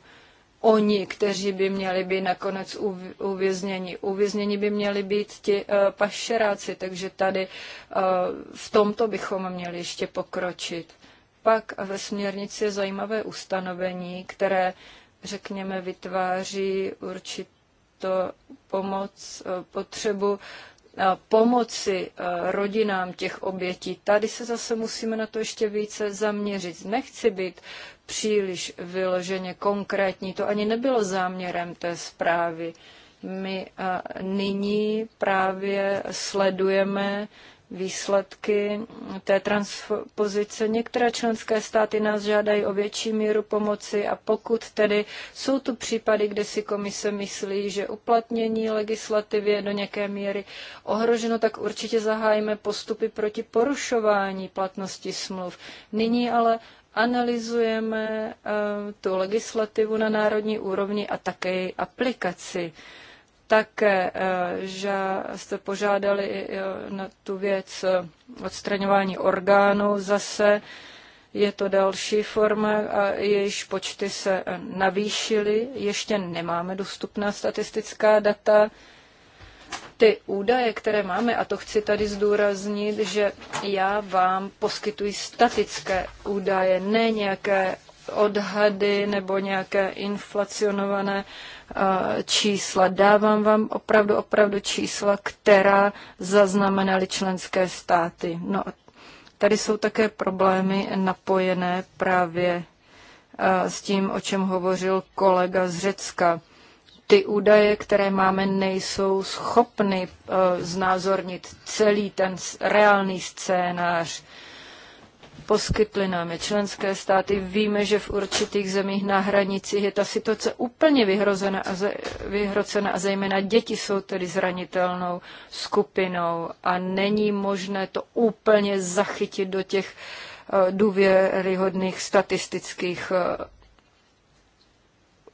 oni, kteří by měli být nakonec uvězněni. Uvězněni by měli být ti eh, pašeráci, takže tady eh, v tomto bychom měli ještě pokročit. Pak ve směrnici je zajímavé ustanovení, které, řekněme, vytváří určitou pomoc, eh, potřebu pomoci rodinám těch obětí. Tady se zase musíme na to ještě více zaměřit. Nechci být příliš vyloženě konkrétní. To ani nebylo záměrem té zprávy. My nyní právě sledujeme výsledky té transpozice. Některé členské státy nás žádají o větší míru pomoci a pokud tedy jsou tu případy, kde si komise myslí, že uplatnění legislativy je do nějaké míry ohroženo, tak určitě zahájíme postupy proti porušování platnosti smluv. Nyní ale analyzujeme eh, tu legislativu na národní úrovni a také její aplikaci. Také, eh, že jste požádali eh, na tu věc odstraňování orgánů zase, je to další forma, a jejíž počty se navýšily. Ještě nemáme dostupná statistická data, ty údaje, které máme, a to chci tady zdůraznit, že já vám poskytuji statické údaje, ne nějaké odhady nebo nějaké inflacionované eh, čísla. Dávám vám opravdu, opravdu čísla, která zaznamenaly členské státy. No a tady jsou také problémy napojené právě eh, s tím, o čem hovořil kolega z Řecka ty údaje, které máme, nejsou schopny eh, znázornit celý ten reálný scénář. Poskytly nám je členské státy. Víme, že v určitých zemích na hranicích je ta situace úplně vyhrozena a ze, vyhrocena a zejména děti jsou tedy zranitelnou skupinou a není možné to úplně zachytit do těch eh, důvěryhodných statistických eh,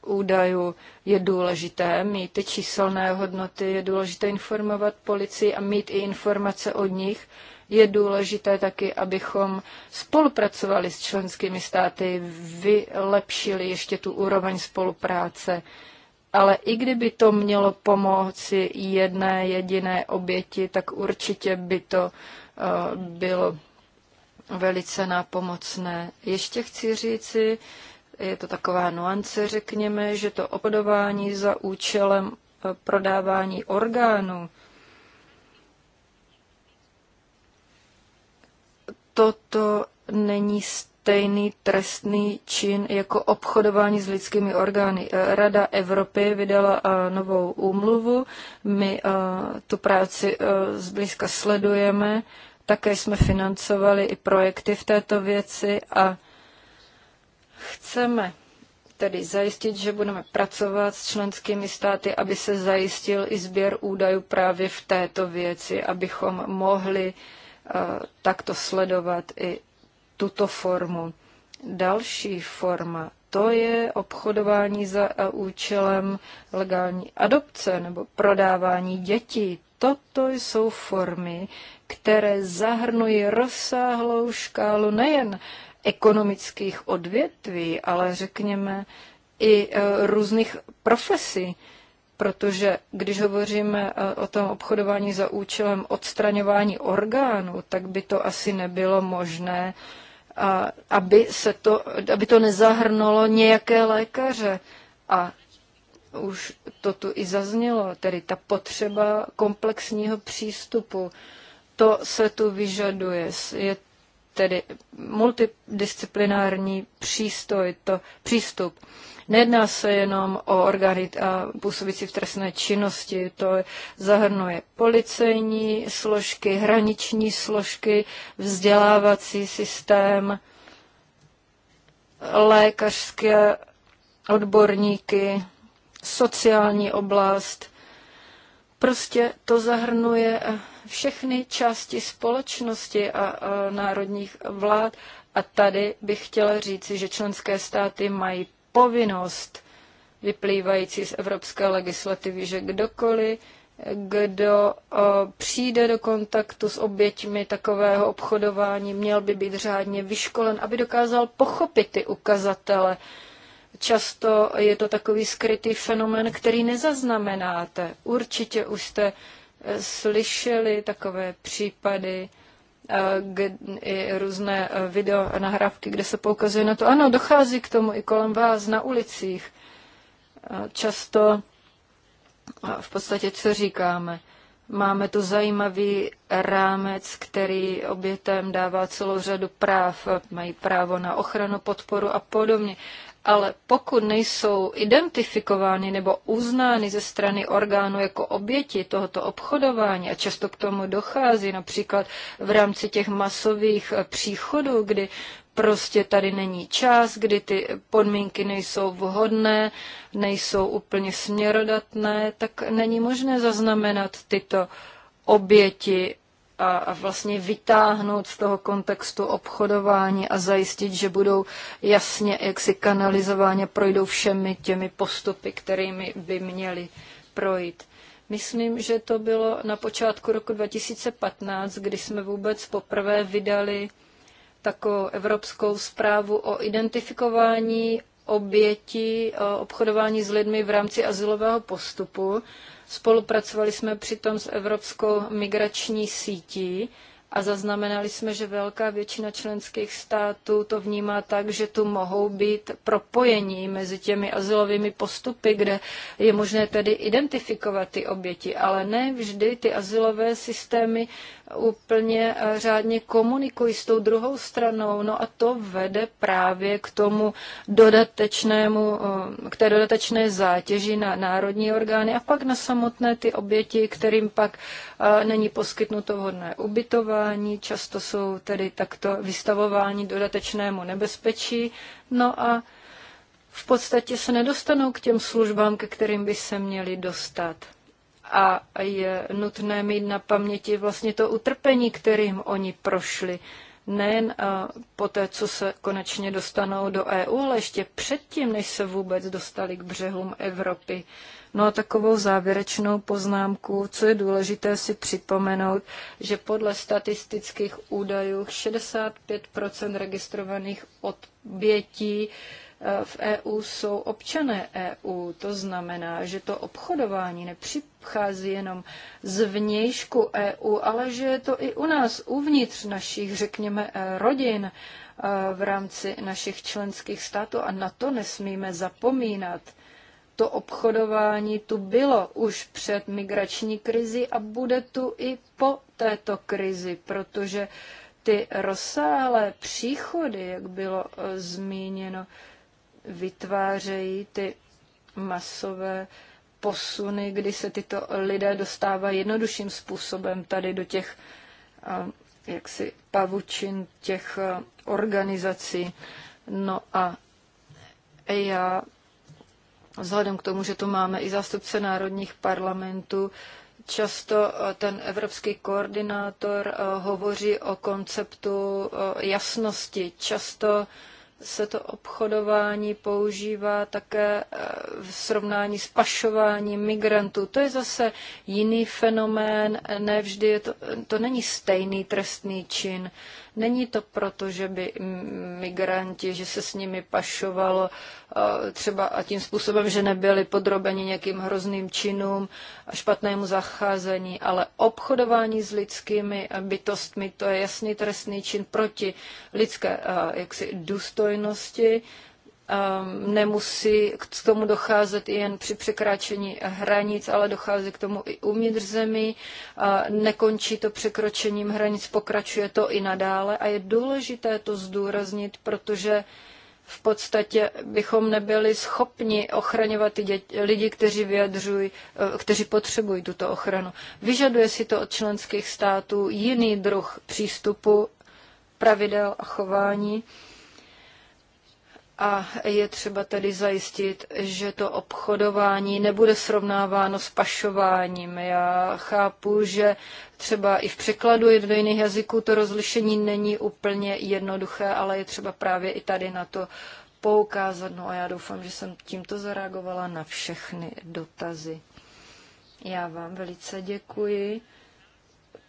údajů. Je důležité mít ty číselné hodnoty, je důležité informovat policii a mít i informace od nich. Je důležité taky, abychom spolupracovali s členskými státy, vylepšili ještě tu úroveň spolupráce. Ale i kdyby to mělo pomoci jedné jediné oběti, tak určitě by to eh, bylo velice nápomocné. Ještě chci říci, je to taková nuance, řekněme, že to obchodování za účelem eh, prodávání orgánů, toto není stejný trestný čin jako obchodování s lidskými orgány. Eh, Rada Evropy vydala eh, novou úmluvu, my tu práci zblízka sledujeme, také jsme financovali i projekty v této věci a Chceme tedy zajistit, že budeme pracovat s členskými státy, aby se zajistil i sběr údajů právě v této věci, abychom mohli eh, takto sledovat i tuto formu. Další forma, to je obchodování za eh, účelem legální adopce nebo prodávání dětí. Toto jsou formy, které zahrnují rozsáhlou škálu nejen uh, ekonomických odvětví, ale řekněme i e, různých profesí, protože když hovoříme e, o tom obchodování za účelem odstraňování orgánů, tak by to asi nebylo možné, aby, se to, aby to nezahrnulo nějaké lékaře. A už to tu i zaznělo, tedy ta potřeba komplexního přístupu, to se tu vyžaduje. Je tedy multidisciplinární přístoj, to přístup. Nejedná se jenom o orgány působící v trestné činnosti, to zahrnuje policejní složky, hraniční složky, vzdělávací systém, lékařské odborníky, sociální oblast. Prostě to zahrnuje všechny části společnosti a, a národních vlád. A tady bych chtěla říci, že členské státy mají povinnost vyplývající z evropské legislativy, že kdokoliv, kdo přijde do kontaktu s oběťmi takového obchodování, měl by být řádně vyškolen, aby dokázal pochopit ty ukazatele. Často je to takový skrytý fenomen, který nezaznamenáte. Určitě už jste uh, slyšeli takové případy, eh, i různé eh, video nahrávky, kde se poukazuje na to, ano, dochází k tomu i kolem vás na ulicích. Často v podstatě, co říkáme, máme tu zajímavý rámec, který obětem dává celou řadu práv, mají právo na ochranu, podporu a podobně ale pokud nejsou identifikovány nebo uznány ze strany orgánu jako oběti tohoto obchodování, a často k tomu dochází například v rámci těch masových eh, příchodů, kdy prostě tady není čas, kdy ty podmínky nejsou vhodné, nejsou úplně směrodatné, tak není možné zaznamenat tyto oběti a, vlastně vytáhnout z toho kontextu obchodování a zajistit, že budou jasně jaksi kanalizováni a projdou všemi těmi postupy, kterými by měli projít. Myslím, že to bylo na počátku roku 2015, kdy jsme vůbec poprvé vydali takovou evropskou zprávu o identifikování oběti obchodování s lidmi v rámci asilového postupu. Spolupracovali jsme přitom s Evropskou migrační sítí a zaznamenali jsme, že velká většina členských států to vnímá tak, že tu mohou být propojení mezi těmi azylovými postupy, kde je možné tedy identifikovat ty oběti, ale ne vždy ty azylové systémy úplně eh, řádně komunikují s tou druhou stranou. No a to vede právě k tomu dodatečnému, eh, k té dodatečné zátěži na národní orgány a pak na samotné ty oběti, kterým pak eh, není poskytnuto vhodné ubytování, často jsou tedy takto vystavováni dodatečnému nebezpečí. No a v podstatě se nedostanou k těm službám, ke kterým by se měli dostat a je nutné mít na paměti vlastně to utrpení, kterým oni prošli. Nejen eh, po té, co se konečně dostanou do EU, ale ještě předtím, než se vůbec dostali k břehům Evropy. No a takovou závěrečnou poznámku, co je důležité si připomenout, že podle statistických údajů 65 registrovaných odbětí uh, v EU jsou občané EU. To znamená, že to obchodování nepřichází jenom z vnějšku EU, ale že je to i u nás, uvnitř našich, řekněme, eh, rodin eh, v rámci našich členských států a na to nesmíme zapomínat to obchodování tu bylo už před migrační krizi a bude tu i po této krizi, protože ty rozsáhlé příchody, jak bylo eh, zmíněno, vytvářejí ty masové posuny, kdy se tyto lidé dostávají jednodušším způsobem tady do těch jaksi pavučin těch organizací. No a já, vzhledem k tomu, že tu máme i zástupce národních parlamentů, často ten evropský koordinátor hovoří o konceptu jasnosti. Často se to obchodování používá také eh, v srovnání s pašováním migrantů. To je zase jiný fenomén, nevždy je to, to není stejný trestný čin. Není to proto, že by migranti, že se s nimi pašovalo eh, třeba a tím způsobem, že nebyli podrobeni nějakým hrozným činům a špatnému zacházení, ale obchodování s lidskými bytostmi, to je jasný trestný čin proti lidské eh, jaksi důstojnosti Ehm, nemusí k tomu docházet i jen při překráčení hranic, ale dochází k tomu i uvnitř zemí. Nekončí to překročením hranic, pokračuje to i nadále a je důležité to zdůraznit, protože v podstatě bychom nebyli schopni ochraňovat ty děti, lidi, kteří vyjadřují, e, kteří potřebují tuto ochranu. Vyžaduje si to od členských států jiný druh přístupu, pravidel a chování a je třeba tedy zajistit, že to obchodování nebude srovnáváno s pašováním. Já chápu, že třeba i v překladu do jiných jazyků to rozlišení není úplně jednoduché, ale je třeba právě i tady na to poukázat. No a já doufám, že jsem tímto zareagovala na všechny dotazy. Já vám velice děkuji.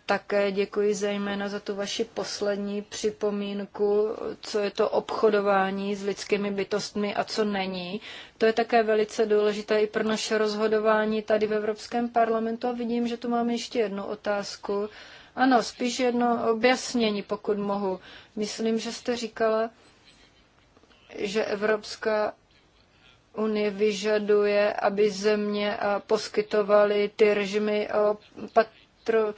Také děkuji zejména za tu vaši poslední připomínku, co je to obchodování s lidskými bytostmi a co není. To je také velice důležité i pro naše rozhodování tady v Evropském parlamentu a vidím, že tu máme ještě jednu otázku. Ano, spíš jedno objasnění, pokud mohu. Myslím, že jste říkala, že Evropská unie vyžaduje, aby země poskytovaly ty režimy patro,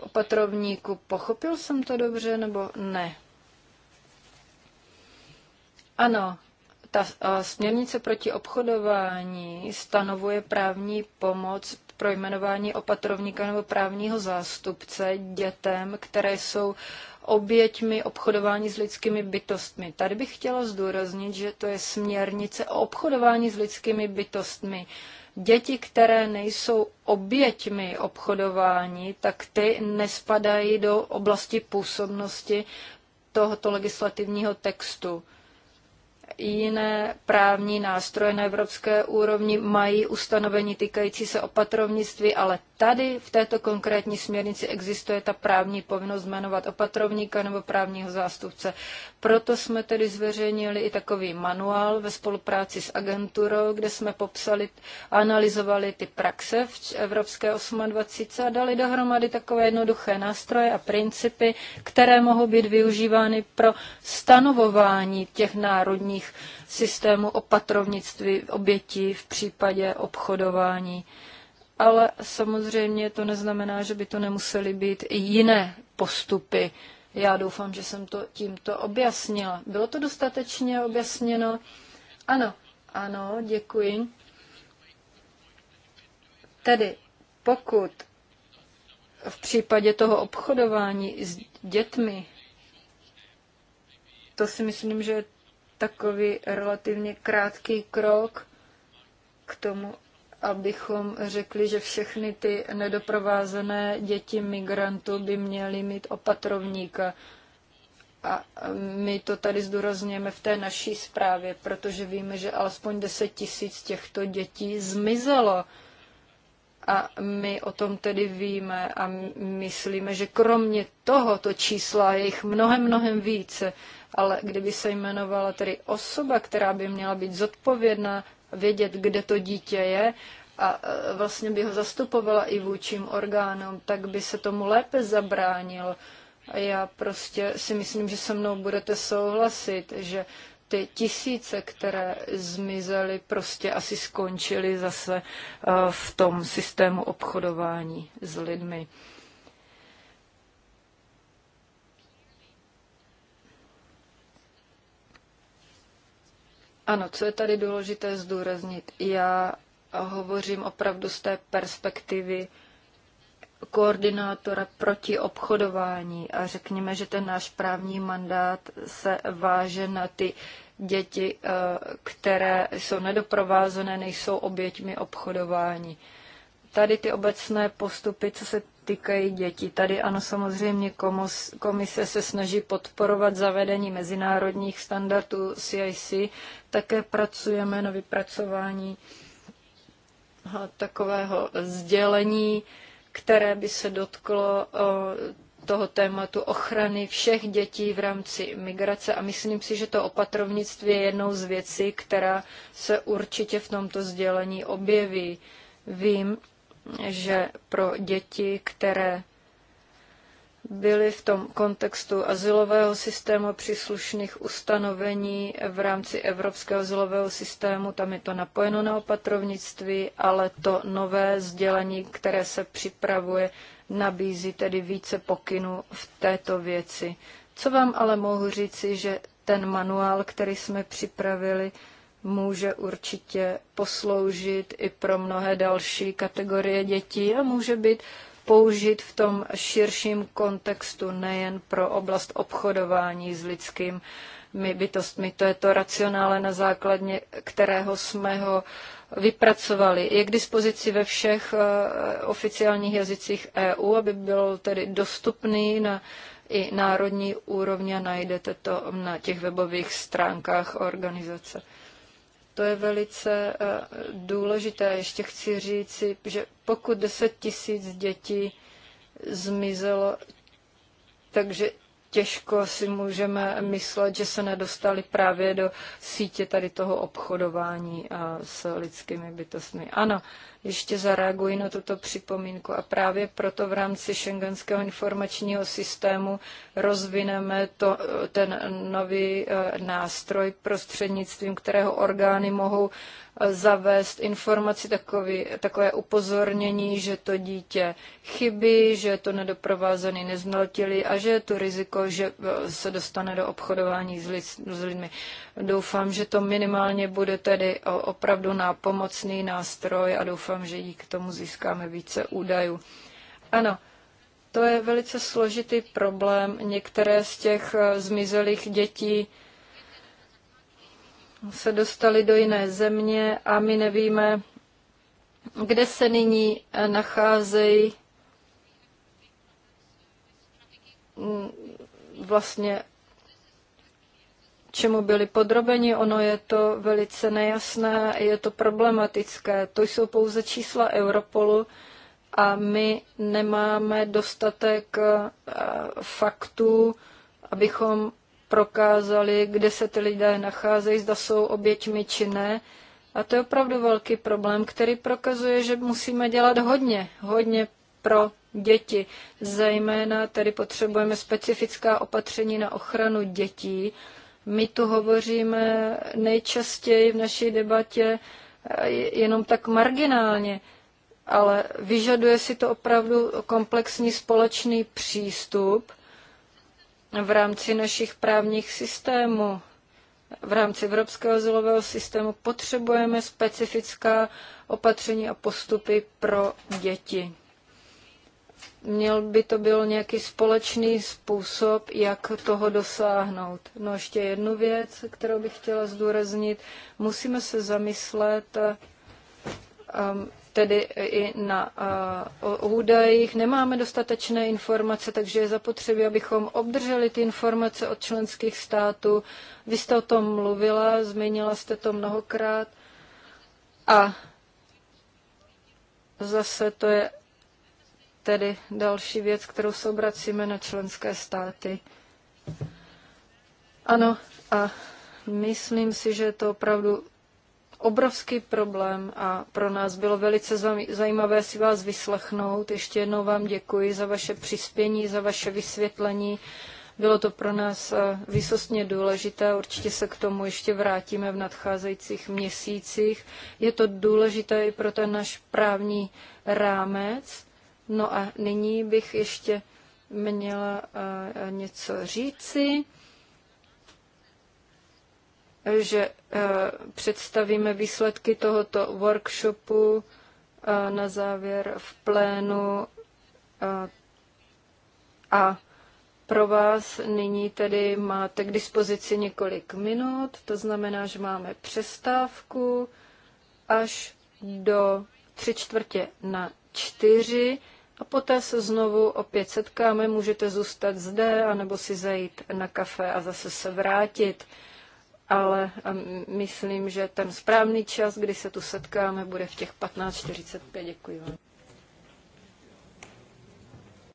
opatrovníku. Pochopil jsem to dobře nebo ne? Ano, ta směrnice proti obchodování stanovuje právní pomoc pro jmenování opatrovníka nebo právního zástupce dětem, které jsou oběťmi obchodování s lidskými bytostmi. Tady bych chtěla zdůraznit, že to je směrnice o obchodování s lidskými bytostmi. Uh, Děti, které nejsou oběťmi obchodování, tak ty nespadají do oblasti působnosti tohoto legislativního textu jiné právní nástroje na evropské úrovni mají ustanovení týkající se opatrovnictví, ale Tady v této konkrétní směrnici existuje ta právní povinnost jmenovat opatrovníka nebo právního zástupce. Proto jsme tedy zveřejnili i takový manuál ve spolupráci s agenturou, kde jsme popsali, analyzovali ty praxe v Evropské 28 a dali dohromady takové jednoduché nástroje a principy, které mohou být využívány pro stanovování těch národních systémů opatrovnictví obětí v případě obchodování ale samozřejmě to neznamená, že by to nemusely být i jiné postupy. Já doufám, že jsem to tímto objasnila. Bylo to dostatečně objasněno? Ano, ano, děkuji. Tedy pokud v případě toho obchodování s dětmi, to si myslím, že je takový relativně krátký krok k tomu, abychom řekli, že všechny ty nedoprovázené děti migrantů by měly mít opatrovníka. A my to tady zdůrazněme v té naší zprávě, protože víme, že alespoň 10 tisíc těchto dětí zmizelo. A my o tom tedy víme a myslíme, že kromě tohoto čísla je jich mnohem, mnohem více. Ale kdyby se jmenovala tedy osoba, která by měla být zodpovědná vědět, kde to dítě je a e, vlastně by ho zastupovala i vůčím orgánům, tak by se tomu lépe zabránilo. A já prostě si myslím, že se mnou budete souhlasit, že ty tisíce, které zmizely, prostě asi skončily zase e, v tom systému obchodování s lidmi. Ano, co je tady důležité zdůraznit? Já hovořím opravdu z té perspektivy koordinátora proti obchodování a řekněme, že ten náš právní mandát se váže na ty děti, eh, které jsou nedoprovázené, nejsou oběťmi obchodování. Tady ty obecné postupy, co se týkají dětí. Tady ano, samozřejmě komise se snaží podporovat zavedení mezinárodních standardů CIC. Také pracujeme na vypracování takového sdělení, které by se dotklo toho tématu ochrany všech dětí v rámci migrace a myslím si, že to opatrovnictví je jednou z věcí, která se určitě v tomto sdělení objeví. Vím, že pro děti, které byly v tom kontextu asilového systému příslušných ustanovení v rámci evropského asilového systému. Tam je to napojeno na opatrovnictví, ale to nové sdělení, které se připravuje, nabízí tedy více pokynů v této věci. Co vám ale mohu říci, že ten manuál, který jsme připravili, může určitě posloužit i pro mnohé další kategorie dětí a může být použit v tom širším kontextu nejen pro oblast obchodování s lidskými bytostmi. To je to racionále, na základě kterého jsme ho vypracovali. Je k dispozici ve všech eh, oficiálních jazycích EU, aby byl tedy dostupný na i národní úrovně najdete to na těch webových stránkách organizace. To je velice eh, důležité. Ještě chci říci, že pokud 10 tisíc dětí zmizelo, takže těžko si můžeme myslet, že se nedostali právě do sítě tady toho obchodování eh, s lidskými bytostmi. Ano, ještě zareaguji na tuto připomínku. A právě proto v rámci šengenského informačního systému rozvineme to, ten nový eh, nástroj, prostřednictvím kterého orgány mohou eh, zavést informaci takový, takové upozornění, že to dítě chybí, že je to nedoprovázený neznaltili a že je tu riziko, že eh, se dostane do obchodování s, lid, s lidmi. Doufám, že to minimálně bude tedy opravdu nápomocný nástroj a doufám, doufám, že k tomu získáme více údajů. Ano, to je velice složitý problém. Některé z těch eh, zmizelých dětí se dostali do jiné země a my nevíme, kde se nyní eh, nacházejí mm, vlastně čemu byli podrobeni. Ono je to velice nejasné, je to problematické. To jsou pouze čísla Europolu a my nemáme dostatek eh, faktů, abychom prokázali, kde se ty lidé nacházejí, zda jsou oběťmi či ne. A to je opravdu velký problém, který prokazuje, že musíme dělat hodně, hodně pro děti. Zejména tedy potřebujeme specifická opatření na ochranu dětí, my tu hovoříme nejčastěji v naší debatě eh, jenom tak marginálně, ale vyžaduje si to opravdu komplexní společný přístup v rámci našich právních systémů. V rámci evropského azylového systému potřebujeme specifická opatření a postupy pro děti měl by to byl nějaký společný způsob, jak toho dosáhnout. No ještě jednu věc, kterou bych chtěla zdůraznit. Musíme se zamyslet um, tedy i na uh, o údajích. Nemáme dostatečné informace, takže je zapotřebí, abychom obdrželi ty informace od členských států. Vy jste o tom mluvila, zmínila jste to mnohokrát. A zase to je tedy další věc, kterou se obracíme na členské státy. Ano, a myslím si, že je to opravdu obrovský problém a pro nás bylo velice zajímavé si vás vyslechnout. Ještě jednou vám děkuji za vaše přispění, za vaše vysvětlení. Bylo to pro nás eh, vysostně důležité, určitě se k tomu ještě vrátíme v nadcházejících měsících. Je to důležité i pro ten náš právní rámec No a nyní bych ještě měla eh, něco říci, že eh, představíme výsledky tohoto workshopu eh, na závěr v plénu a pro vás nyní tedy máte k dispozici několik minut, to znamená, že máme přestávku až do tři čtvrtě na čtyři. A poté se znovu opět setkáme, můžete zůstat zde, anebo si zajít na kafe a zase se vrátit. Ale um, myslím, že ten správný čas, kdy se tu setkáme, bude v těch 15.45. Děkuji vám.